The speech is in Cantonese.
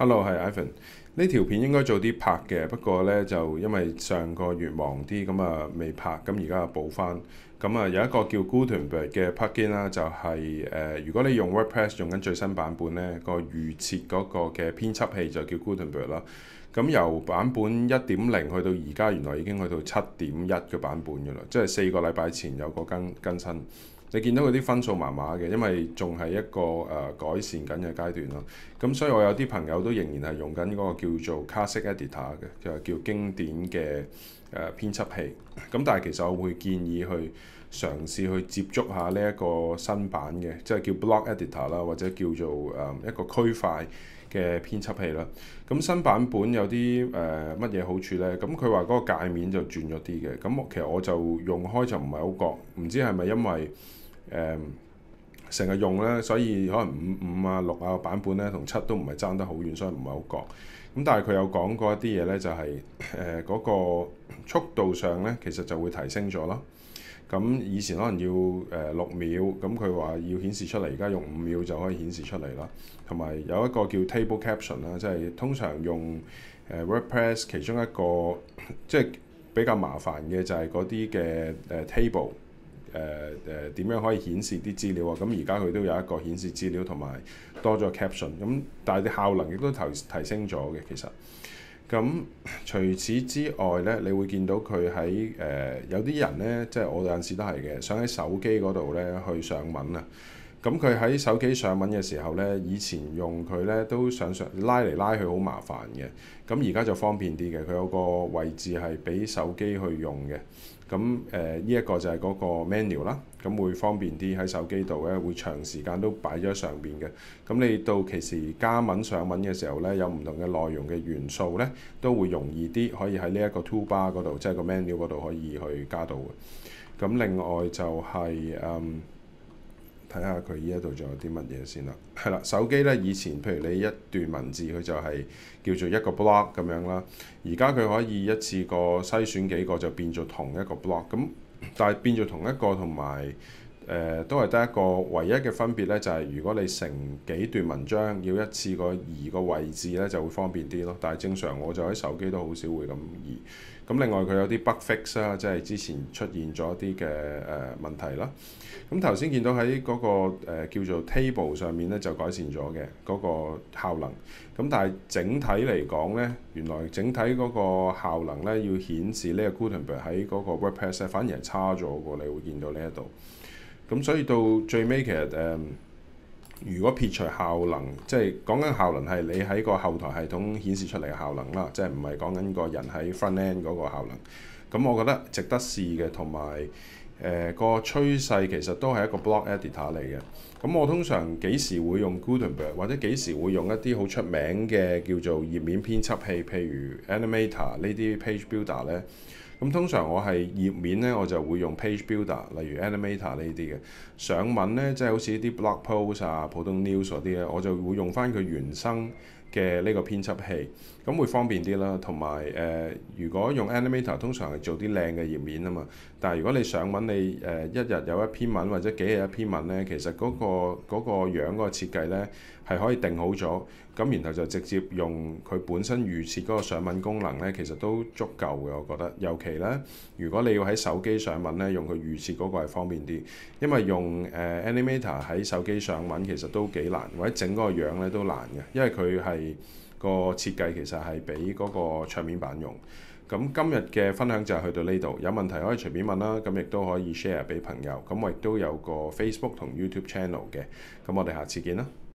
Hello，係 Ivan。呢條片應該早啲拍嘅，不過呢，就因為上個月忙啲咁啊，未拍。咁而家又補翻。咁啊，有一個叫 Gutenberg 嘅 plugin 啦、就是，就係誒，如果你用 WordPress 用緊最新版本呢、這個預設嗰個嘅編輯器就叫 Gutenberg 啦。咁由版本一點零去到而家，原來已經去到七點一嘅版本嘅啦，即係四個禮拜前有個更更新。你見到佢啲分數麻麻嘅，因為仲係一個誒、呃、改善緊嘅階段咯。咁所以我有啲朋友都仍然係用緊嗰個叫做 classic editor 嘅，就係、是、叫經典嘅誒、呃、編輯器。咁但係其實我會建議去嘗試去接觸下呢一個新版嘅，即係叫 block editor 啦，或者叫做誒、呃、一個區塊嘅編輯器啦。咁新版本有啲誒乜嘢好處呢？咁佢話嗰個界面就轉咗啲嘅。咁其實我就用開就唔係好覺，唔知係咪因為？誒成日用咧，所以可能五五啊、六啊版本咧同七都唔係爭得好遠，所以唔係好覺。咁但係佢有講過一啲嘢咧，就係、是、誒、呃那個速度上咧，其實就會提升咗咯。咁以前可能要誒六秒，咁佢話要顯示出嚟，而家用五秒就可以顯示出嚟啦。同埋有一個叫 Table Caption 啦，即係通常用誒 WordPress 其中一個，即、就、係、是、比較麻煩嘅就係嗰啲嘅誒 table。誒誒點樣可以顯示啲資料啊？咁而家佢都有一個顯示資料同埋多咗 caption，咁但係啲效能亦都提提升咗嘅其實。咁除此之外咧，你會見到佢喺誒有啲人咧，即係我有陣時都係嘅，想喺手機嗰度咧去上文啊。咁佢喺手機上文嘅時候呢，以前用佢呢都上上拉嚟拉去好麻煩嘅，咁而家就方便啲嘅，佢有個位置係俾手機去用嘅，咁誒呢一個就係嗰個 menu 啦，咁會方便啲喺手機度呢，會長時間都擺咗上邊嘅，咁你到其時加文上文嘅時候呢，有唔同嘅內容嘅元素呢，都會容易啲可以喺呢一個 toolbar 嗰度，即係個 menu 嗰度可以去加到嘅，咁另外就係誒。嗯。睇下佢依一度仲有啲乜嘢先啦，係啦，手機呢，以前譬如你一段文字佢就係叫做一個 block 咁樣啦，而家佢可以一次過篩選幾個就變咗同一個 block，咁但係變咗同一個同埋。誒、呃、都係得一個唯一嘅分別咧，就係、是、如果你成幾段文章要一次過移個位置咧，就會方便啲咯。但係正常我就喺手機都好少會咁移。咁另外佢有啲 bug fix 啦、啊，即係之前出現咗一啲嘅誒問題啦。咁頭先見到喺嗰、那個、呃、叫做 table 上面咧就改善咗嘅嗰個效能。咁但係整體嚟講咧，原來整體嗰個效能咧要顯示呢個 Gutenberg 喺嗰個 WordPress 咧反而係差咗個，你會見到呢一度。咁所以到最尾其實誒，如果撇除效能，即係講緊效能係你喺個後台系統顯示出嚟嘅效能啦，即係唔係講緊個人喺 front end 嗰個效能。咁我覺得值得試嘅，同埋誒個趨勢其實都係一個 block editor 嚟嘅。咁我通常幾時會用 Gutenberg，或者幾時會用一啲好出名嘅叫做頁面編輯器，譬如 Animator 呢啲 page builder 咧？咁通常我係頁面咧，我就會用 Page Builder，例如 Animator 呢啲嘅。上文咧，即係好似啲 Blog Post 啊、普通 News 嗰啲咧，我就會用翻佢原生，嘅呢個編輯器，咁會方便啲啦。同埋誒，如果用 Animator，通常係做啲靚嘅頁面啊嘛。但係如果你上文你誒、呃、一日有一篇文或者幾日一篇文咧，其實、嗰個、嗰個樣個設計咧係可以定好咗。咁然後就直接用佢本身預設嗰個上文功能咧，其實都足夠嘅。我覺得尤其咧，如果你要喺手機上文咧，用佢預設嗰個係方便啲。因為用誒、呃、Animator 喺手機上文其實都幾難或者整個樣咧都難嘅，因為佢係。係個設計其實係俾嗰個桌面板用。咁今日嘅分享就係去到呢度，有問題可以隨便問啦。咁亦都可以 share 俾朋友。咁我亦都有個 Facebook 同 YouTube channel 嘅。咁我哋下次見啦。